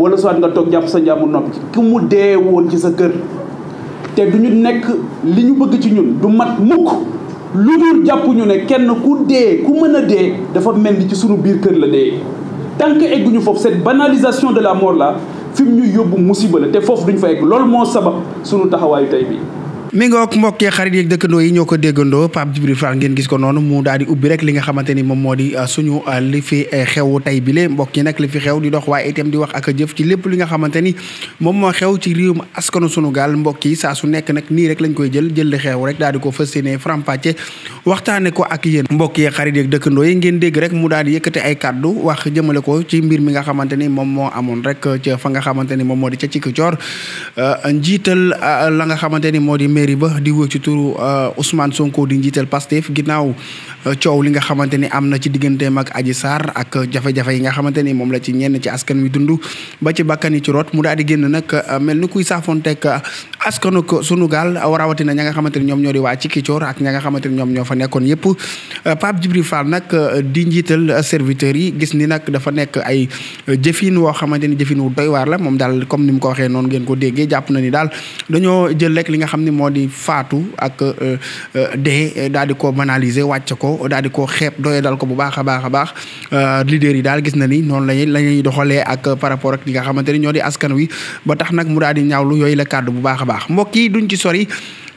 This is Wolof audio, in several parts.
wala soit nga toog jàpp sa njàmbur noppi ki mu dee woon ci sa kër te du ñu nekk li ñu bëgg ci ñun du mat mukk lu dul jàpp ñu ne kenn ku dee ku mën a dee dafa mel ni ci sunu biir kër la dee tant que egguñu foofu cette banalisation de la mort la fi mu ñu yóbbu musiba la te foofu duñ fa egg loolu moo sabab sunu taxawaayu tey bi mi ngook mbokkee xarit yeeg dëkkandoo yi ñoo ko déggandoo Pape Djibril Fall ngeen gis ko noonu mu daal di ubbi rek li nga xamante ni moo di euh, suñu euh, li fi euh, xew tey bile mbokk yi nag li fi xew di dox waaye itam di wax ak jëf ci lépp li nga xamante ni moom moo xew ci réewum askanu suñu gaal mbokk yi saa su nekk nag nii rek lañ koy jël jël li xew rek daal di ko fas yéene faram-fàcce waxtaane ko ak yéen mbokk yi xarit yeeg dëkkandoo yi ngeen dégg rek mu daal di yëkkate ay kàddu wax jëmale ko ci mbir mi nga xamante ni moom moo amoon rek fa nga xamante ni moom moo di ca ci ki coor njiital la nga xamante ni moo di mairie ba di wër ci turu euh, Ousmane Sonko di njiital Pastef ginnaaw euh, coow li nga xamante ni am na ci digganteem ak Adji Sarr ak jafe-jafe yi nga xamante ni moom la ci ñenn ci askan wi dund ba ci bakkan yi ci root mu daal di génn nag euh, mel ni kuy saafonteeg askanu sunu gaal rawatina ña nga xamante ni ñoom ñoo di waa ci Kicoor ak ña nga xamante ni ñoom ñoo fa nekkoon yëpp Pape Djibril Fall nag di njiital serviteurs yi gis ni nag dafa nekk ay jëfin woo xamante ni jëfin wu doy waar la moom daal comme ni mu ko waxee noonu ngeen ko déggee jàpp na ni daal dañoo jël rek moo di faatu ak euh, euh, dee euh, daal di ko banaliser wàcc ko daal di ko xeeb doye dal ko bu baax a baax a baax leader yi daal gis na ni noonu lañuy la ñuy doxalee ak par rapport ak li nga xamante ni ñoo di askan wi ba tax nag mu daal di ñaawlu yooyu la kàddu bu baax a baax mbokk yi duñ ci sori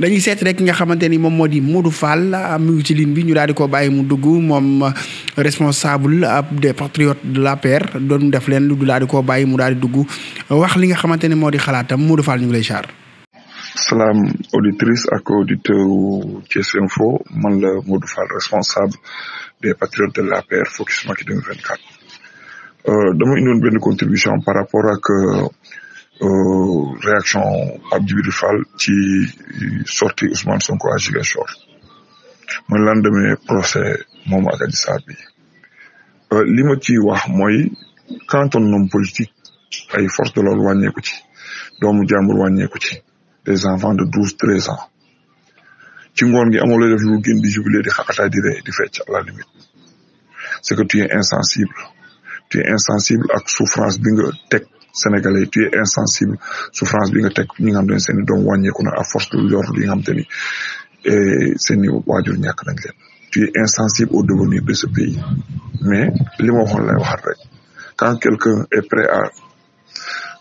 dañuy seet rek ki nga xamante ni moom moo di Modou faal ah, mu ngi ci ligne bi ñu daal di ko bàyyi mu dugg moom responsable des patriotes de l'APR doonu def leen lu daal di ko bàyyi mu daal di dugg wax li nga xamante moo di xalaatam Modou Fall ñu ngi lay char salaam auditrice ak auditeur Thiès Info man la Modou Fall responsable des patriotes de l'APR Focus Macky 2024 euh, dama indoon benn contribution par rapport ak euh, euh, réaction ab Djibril fal ci sortie Ousmane Sonko à Ziguinchor mooy lendemain procès moom ak Adji Sarr bi li ma ci wax mooy quand un homme politique ay force de l'ordre wàññeeku ci doomu jàmbur wàññeeku ci des enfants de douze treize ans ci ngoon gi amoo lay def lu gën di jubiler di xaqataay di ree di fecc à la limite c'est que tu es insensible tu es insensible ak souffrance bi nga teg sénégalais tu es insensible souffrance bi nga teg ñi nga xam te ne seen i wàññeeku na à force de yor li nga xam te ni eh, seen i waajur ñàkk nañ leen tu es insensible au devenir de ce pays mais li ma waxoon lay waxaat rek quand quelqu'un est prêt à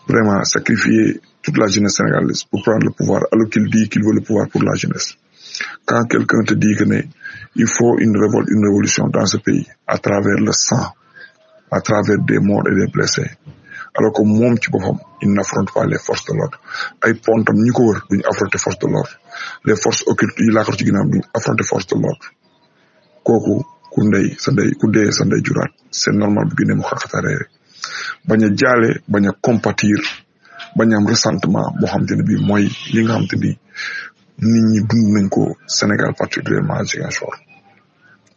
vraiment sacrifier toute la jeunesse sénégalaise pour prendre le pouvoir alors qu'il dit qu'il veut le pouvoir pour la jeunesse. Quand quelqu'un te dit il faut une révolte, une révolution dans ce pays à travers le sang, à travers des morts et des blessés. alors que moom ci boppam il n'affronte pas les forces de l'ordre ay pontam ñi ko wër duñu affronter force de l'ordre les forces occultes yi laakar ci ginnaaw duñu affronter force de l'ordre kooku ku ndey sa ndey ku dee sa ndey juraat c'est normal bañ am ressentiment boo xam te ne bii mooy li nga xam te ni nit ñi dund nañ ko Sénégal particulièrement Ziguinchor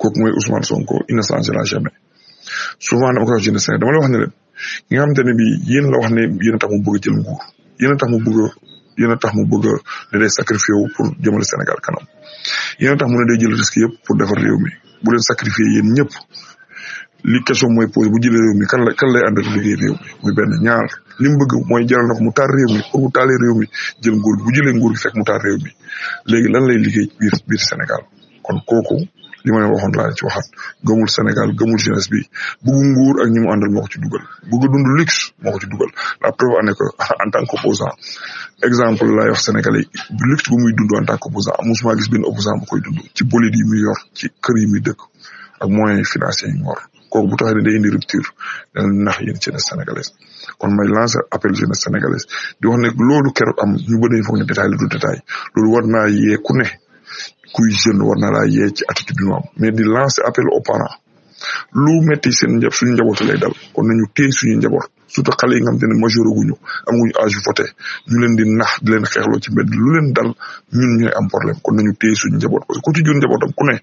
kooku mooy Ousmane Sonko innocent sera jamais souvent dama koy wax ci ne Sénégal dama la wax ne leen ñi nga xam te ne bii yéen la wax ne yéen a tax mu bëgg a jël nguur yéen a tax mu bëgg a yéen a tax mu bëgg a ne day wu pour jëmale Sénégal kanam yéen a tax mu ne day jël risque yëpp pour defar réew mi bu leen sacrifié yéen ñëpp li question mooy posé bu jëlee réew mi kan la kan lay àndal liggéey réew mi benn ñaar li mu bëgg mooy jaral ko mu taal réew mi pour mu taalee réew mi jël nguur bu jëlee nguur gi fek mu taal réew mi léegi lan lay liggéey biir biir Sénégal kon kooku li ma waxoon laa ci waxaat gëmul Sénégal gëmul jeunesse bi bëgg nguur ak ñi mu àndal moo ko ci dugal bëgg dund luxe moo ko ci dugal la preuve en est que en tant qu'opposant exemple laay wax sénégalais luxe bu muy dund en tant qu'opposant musuma gis benn opposant bu koy dund ci bolide yi muy yor ci kër yi muy dëkk ak moyens financiers kooku bu taxawee ne day indi rupture dana nax yéen jeunesse sénégalaise kon may lancer appel jeunesse sénégalaise di wax ne loolu keroog am ñu bëri foog ne détail la du détail loolu war naa yee ku ne kuy jeune war na laa yee ci attitude bi mais di lancer appel aux parents lu metti seen njab suñu njaboot lay dal kon ñu téye suñu njaboot surtout xale yi nga xam te ne majeur guñu amuñu âge voté ñu leen di nax di leen xeexloo ci mbedd lu leen dal ñun ñooy am problème kon nañu téye suñu njaboot parce que ku ci jur njabootam ku ne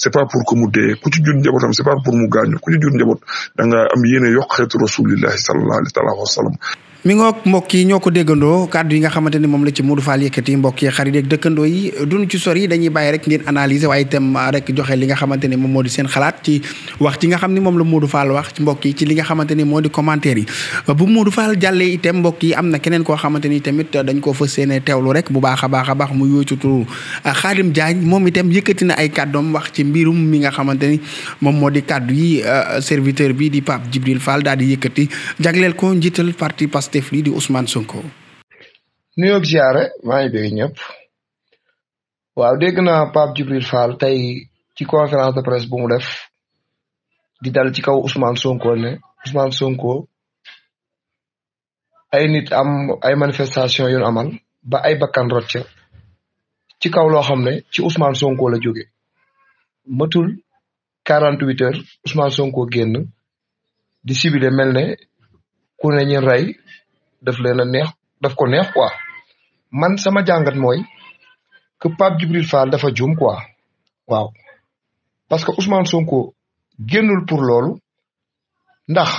c'est pas pour que mu dee ku ci jur njabootam c'est pas pour mu gaañu ku ci jur njabot da nga am yéene yokk xeetu rasulillahi sallallahu alayhi wa sallam mi ngoog mbokk yi ñoo ko déggandoo kàddu yi nga xamante ni moom la ci Modou Fall yëkkati mbokk yi xarit yeeg dëkkandoo yi duñu dañuy bàyyi rek ngeen analyser waaye itam ah, joxe li nga xamante ni moom moo di seen xalaat ci wax ci nga xam ni moom la Modou Fall wax ci mbokk yi ci li nga xamante ni moo di commentaire yi bu Modou Fall jàllee itam yi am na keneen koo xamante ni tamit dañ koo fas yéene teewlu rek bu baax a baax a baax mu yooyu ci turu ah, Khadim Diagne moom itam yëkkati na ay kàddoom wax ci mbirum mi nga xamante ni moom moo di kàddu yi ah, serviteur bii di pap Djibril Fall daal di yëkkati jagleel ko njiital parti Pastef Pastef lii di Ousmane Sonko. nuyoog ziare maa ngi bëgg ñëpp wa dégg naa Pape Djibril Fall tey ci conférence de presse bu mu def di dal ci kaw Ousmane Sonko ne Ousmane Sonko ay nit am ay manifestation yu amal ba ay bakkan rot ca ci kaw loo xam ne ci Ousmane Sonko la jóge matul quarante huit heures Ousmane Sonko génn di sibile mel ne ku daf leen a neex daf ko neex quoi man sama jàngat mooy que Pape Djibril Fall dafa juum quoi waaw parce que Ousmane Sonko génnul pour loolu ndax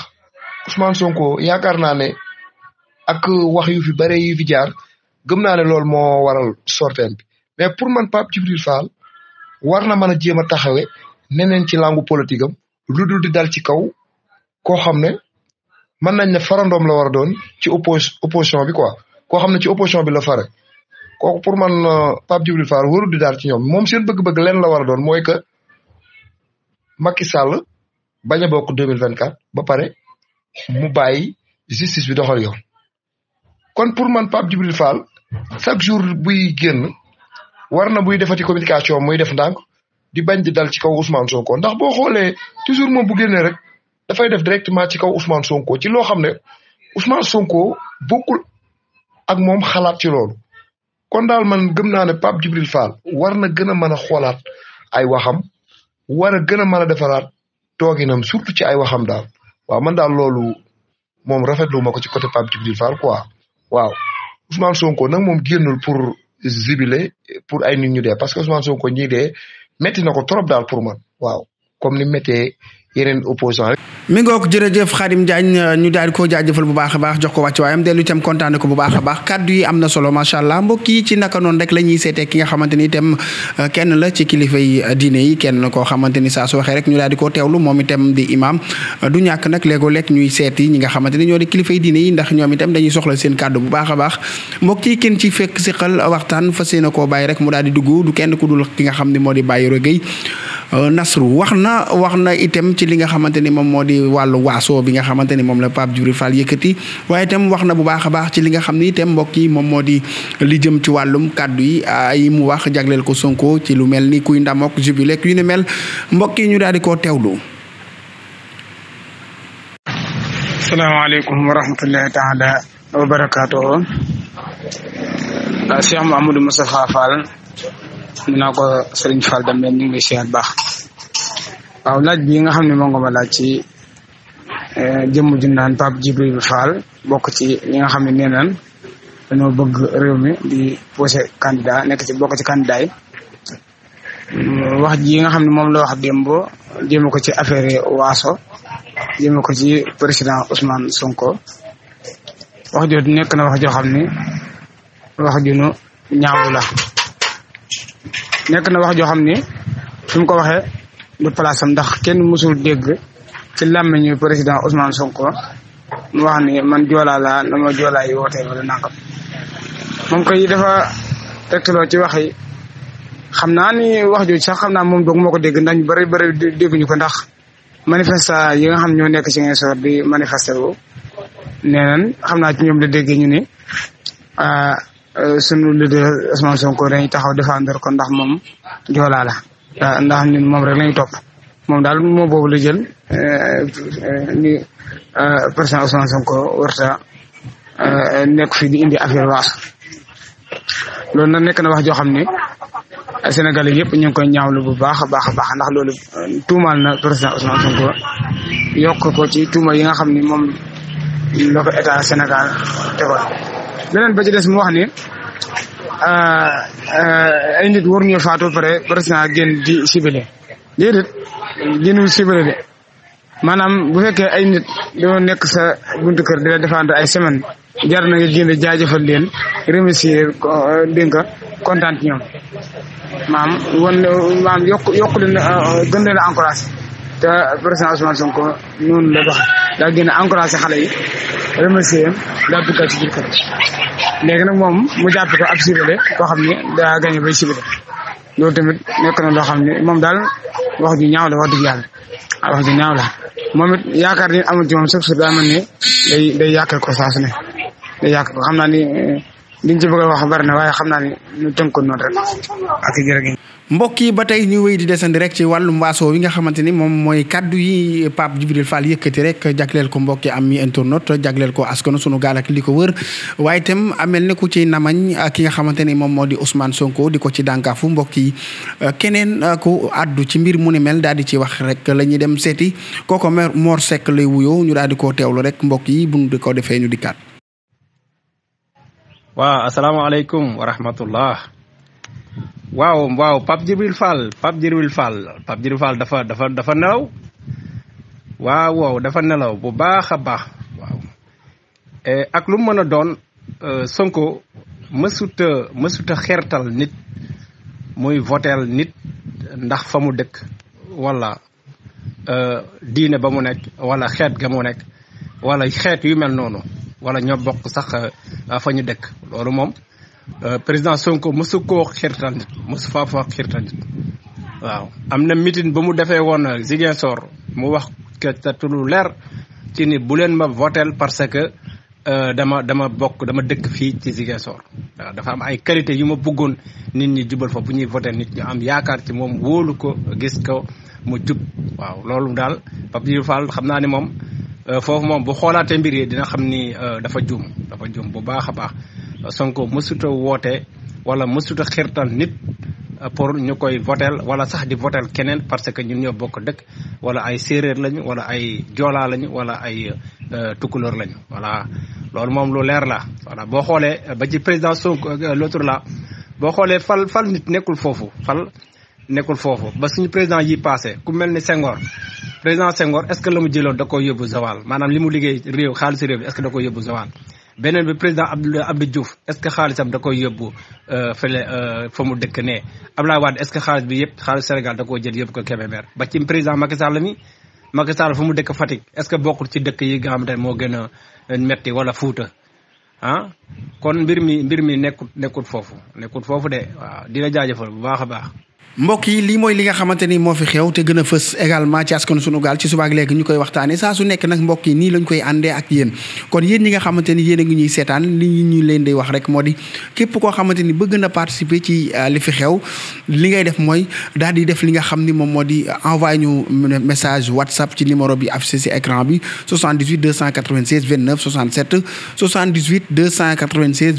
Ousmane Sonko yaakaar naa ne ak wax yu fi bare yu fi jaar gëm naa ne loolu moo waral sorteem bi mais pour man Pape Djibril Fall war na mën a jéem a taxawe neneen ci langu politique am lu dul di dal ci kaw koo xam ne mën nañ ne farandoom la war a doon ci oppos opposition bi quoi koo xam ne ci opposition bi la fare kooku pour man euh, Pape Djibril Fall warul di daal ci ñoom moom seen bëgg-bëgg leen la war doon mooy que Macky Sall bañ a bokk deux mille vingt quatre ba pare mu bàyyi justice bi doxal yo kon pour man Pape Djibril Fall chaque jour buy génn war na buy defati communication muy def ndànk di bañ di dal ci kaw Ousmane Sonko ndax boo xoolee toujours moom bu génnee rek dafay def directement ci kaw Ousmane Sonko ci loo xam ne Ousmane Sonko bokkul ak moom xalaat ci loolu kon daal man gëm naa ne Pape Djibril Fall war na gën a mën a xoolaat ay waxam war a gën a mën a defaraat tooginam surtout ci ay waxam daal waaw man daal loolu moom rafetlu ma ko ci côté Pape Djibril Fall quoi waaw Ousmane Sonko nag moom génnul pour zibilé pour ay nit ñu dee parce que Ousmane Sonko ñi dee métti na ko trop daal pour man waaw comme ni méttee yeneen mi ngook jërëjëf Khadim Diagne ñu daal ko jaajëfal bu baax a baax jox ko wàccuwaayam dellu itam kontaane ko bu baax a baax kàddu yi am na solo macha allah mbokk ci naka noonu rek la ñuy seetee ki nga xamante ni itam euh, kenn la ci kilifa yi euh, diine yi koo xamante ni saa su waxee rek ñu daal di ko teewlu moom itam di imam euh, du ñàkk nag léegoo lekk ñuy seeti ñi nga xamante ni ñoo di kilifa yi diine yi ndax ñoom itam dañuy soxla seen kàddu bu baax a baax mbokk yi kenn ci fekk siqal waxtaan fas yéene koo bàyyi rek mu daal di dugg du kenn ku dul ki nga xam ne moo di bàyyi rogéy nasru wax na wax na itam ci li nga xamante ni moom moo di wàllu waaso bi nga xamante ni moom la Pape Djibril Fall yëkkati waaye itam wax na bu baax a baax ci li nga xam ni itam mbokk yi moom moo di li jëm ci wàllum kàddu yi ay mu wax jagleel ko Sonko ci lu mel ni kuy ndamok jubilek yu ne mel mbokk yi ñu daal di koo teewlu. salaamaaleykum wa rahmatullahi taala wa barakaatuhu Cheikh naa ko Serigne Fall Deme ñu ngi lay baax. waaw laaj bi nga xam ne moo nga ma laaj ci eh, jëmm ju naan Pape Djibril Fall bokk ci ñi nga xam ne nee naan bëgg réew mi di posé candidat nekk ci bokk ci candidat yi mm, wax ji nga xam ne moom la wax démb jëme ko ci affaire waaso jëme ko ci président Ousmane Sonko wax jooju nekk na wax joo xam ni wax ju nu nekk na wax joo xam ne fi ko waxee du place am ndax kenn mësul dégg ci làmmiñu président Ousmane Sonko mu wax ni man joolaa laa na ma joolaa yi wootee wala nangam moom koy dafa tegtaloo ci wax yi xam naa ni wax jooju sax xam naa moom doog moo ko dégg ndax ñu bëri bëri ko ndax manifesta yi nga xam ñoo nekk ci Ziguinchor di manifesté wu nee xam naa ci ñoom la déggee ñu ni ah, euh, sunu leader Ousmane Sonko dañuy taxaw défendre ko ndax moom joolaa la Ah, ndax ñun moom rek lañu topp moom daal moo boobu la jël eh, ni ah, président Ousmane Sonko warta ah, nekk fi di indi affaire waasu loolu nag nekk na wax joo xam ne Sénégalais yëpp ñu ngi koy ñaawlu bu baax a baax a baax ndax lool eh, tuumaal na président Ousmane Sonko yokk ko ci tuuma yi nga xam ni moom la ko état Sénégal tegoon beneen ba ci des mu wax ne Ah, ah, ay nit war ñu faatu pare président génn di ciblé déedéet génnul ciblé de maanaam bu fekkee ay nit dañoo nekk sa buntu kër di la ay semaine jar na nga génn jaajëfal leen remercier euh, dégg nga kontaan ci ñoom maam wan maam yokk yokk leen euh, gën leen a encouragé te président Ousmane Sonko noonu la doxee daa génn encouragé xale yi remercier daa duggal ci biir léegi nag moom mu jàpp ko ab ciblé koo xam ne daa gagné bay ciblé loolu tamit nekk na loo xam ne moom daal wax ju ñaaw la wax dëgg yàlla ah, wax ju ñaaw la moom it yaakaar ni amul ci moom chaque jour daa mel ne day day yàqal ko saa ne day yàq ko xam naa ni eh, liñ ci bëgg a wax bari na waaye xam naa ni ñu tënkoon noonu rek ak jërëjëf mbokk yi ba tey ñu wéy di desandi rek ci wàllum waaso wi nga xamante ni moom mooy kaddu yi Pape Djibril Fall yëkkati rek jagleel ko mbokki am mi internet jagleel ko askanu sunu gaal ak li ko wër waaye itam amel ne ku ci namañ ki nga xamante ni moom moo di Ousmane Sonko di ko ci dànkaafu mbokk yi euh, keneen euh, ku addu ci mbir mu ni mel daal di ci wax rek la ñuy dem seeti kooko moor Seck lay wuyoo ñu daal di koo teewlu rek mbokk yi bu ñu ko defee ñu dikkaat. waaw asalaamaaleykum wa waaw waaw Pape Djibril Fall Pape Djibril Fall Pape Djibril dafa dafa dafa nelaw waaw waaw dafa nelaw bu baax a baax waaw eh, ak lu mën a doon euh, Sonko mësuta xeertal nit muy votel nit ndax fa mu dëkk wala euh, diine ba mu nekk wala xeet ga mu nekk wala xeet yu mel noonu wala ñoo bokk sax euh, fa ñu dëkk loolu moom Euh, président Sonko mosu koo xiirtal nit mosu faa faa xiirtal nit waaw am na meeting ba mu defee woon Ziguinchor mu wax que te lu leer ci nit bu leen ma votel parce que euh, dama dama bokk dama dëkk fii ci Ziguinchor waaw dafa am ay qualité yu ma bëggoon nit ñi jubal fa bu ñuy votel nit ñu am yaakaar ci moom wóolu ko gis ko mu jub waaw loolu daal Pape xam naa ni moom euh, foofu moom bu xoolaatee mbir yi dina xam ni dafa juum dafa juum bu baax a baax Sonko mësuta woote wala mësuta xirtal nit euh, pour ñu koy votel wala sax di votel keneen parce que ñu ñoo bokk dëkk wala ay séeréer lañu wala ay joolaa lañu wala ay euh, tukkulóor lañu voilà loolu moom lu leer la voilà boo xoolee euh, ba ci président Sonko l'autre là boo xoolee fal fal nit nekkul foofu fal nekkul foofu ba suñu président yi passé ku mel ni Senghor président Senghor est-ce que la mu jëloon da ko yóbbu Zawal maanaam li mu liggéey réew xaalisu réew bi est ko yóbbu Zawal beneen bi président Abdou Abdou Diouf est ce que xaalisam da koy yóbbu euh, fële euh, fa mu dëkk nee Abdoulaye Wade est ce que xaalis bi yëpp xaalis Sénégal da koo jël yóbbu ko Kébémer ba ci président Macky Sall mi Macky Sall fu mu dëkk Fatick est ce que bokkul ci dëkk yi nga xam ne moo gën a euh, metti wala Fuuta ah kon mbir mi mbir mi nekkut nekkut foofu nekkut foofu de waaw dina jaajëfal bu baax a baax. mbokk yi lii mooy li nga xamante ni moo fi xew te gën a fës également ci askanu sunu gaal ci subaak léegi ñu koy waxtaane saa su nekk nag mbokk yi nii lañ koy àndee ak yéen kon yéen ñi nga xamante ni yéen a ngi ñuy seetaan li ñu leen di wax rek moo di koo xamante ni bëgg na participer ci euh, li fi xew li ngay def mooy daal di def li nga xam ni moom moo di euh, envoyé ñu message whatsapp ci numéro bi affiché ci bi 78 296 29 67 78 296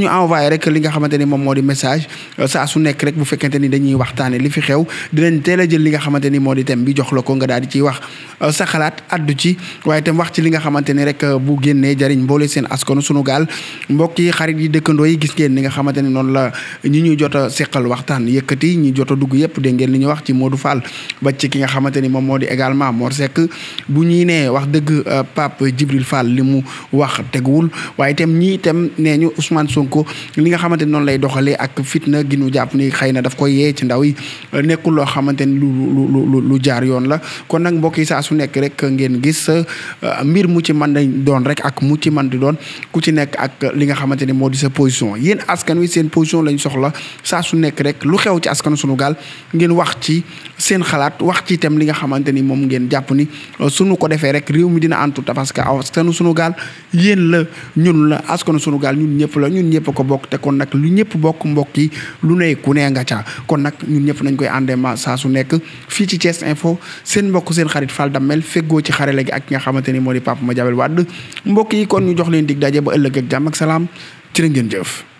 ñu envoyé rek li nga xamante ni moom moo di message euh, saa su nekk rek fekkente ni dañuy waxtaane li fi xew dinañ teel a jël li nga xamante ni moo di thème bi jox la ko nga daal di ciy wax euh, sa xalaat addu ci waaye itam wax ci li nga xamante ni rek euh, bu génnee jariñ mboole seen askanu sunu gaal mbokk yi xarit yi dëkkandoo yi gis ngeen ni nga xamante ni noonu la ñi ñu jot a seqal waxtaan yëkkati ñi jot a dugg yëpp dégg ngeen li ñu wax ci Modou Fall ba ci ki nga xamante ni moom moo di également moo Seck bu ñuy nee wax dëgg euh, Pape Djibril Fall li mu wax teguwul waaye itam ñii itam nee ñu Ousmane Sonko li nga xamante ni noonu lay doxalee ak fitna gi ñu jàpp ni xëy ne daf koy yee ci ndaw yi euh, nekkul loo xamante ni lu lu lu jaar yoon la kon nag mbokk yi saa su nekk rek ngeen gis euh, mbir mu ci mën di doon rek ak mu ci man di doon ku ci nekk ak li nga xamante ni moo di sa position yéen askan wi seen position lañ soxla saa su nekk rek lu xew ci askanu sunu gaal ngeen wax ci seen xalaat wax ci itam li nga xamante ni moom ngeen jàpp ni euh, sunu ko defee rek réew mi dina antu parce que askanu sunu gaal yéen la ñun la askanu sunu gaal ñun ñëpp la ñun ñëpp ko bokk te kon nag lu ñëpp bokk mbokk lu ne ku ne ngaca kon nag ñun ñëpp nañ koy àndee ma saa su nekk fii ci Thiès Info seen mbokk seen xarit Fall Damel feggoo ci xarale gi ak ki nga xamante ni moo di Papa Madiabel Wade mbokk yi kon ñu jox leen dig daje ba ëllëg ak jàmm ak salaam ci ngeen jëf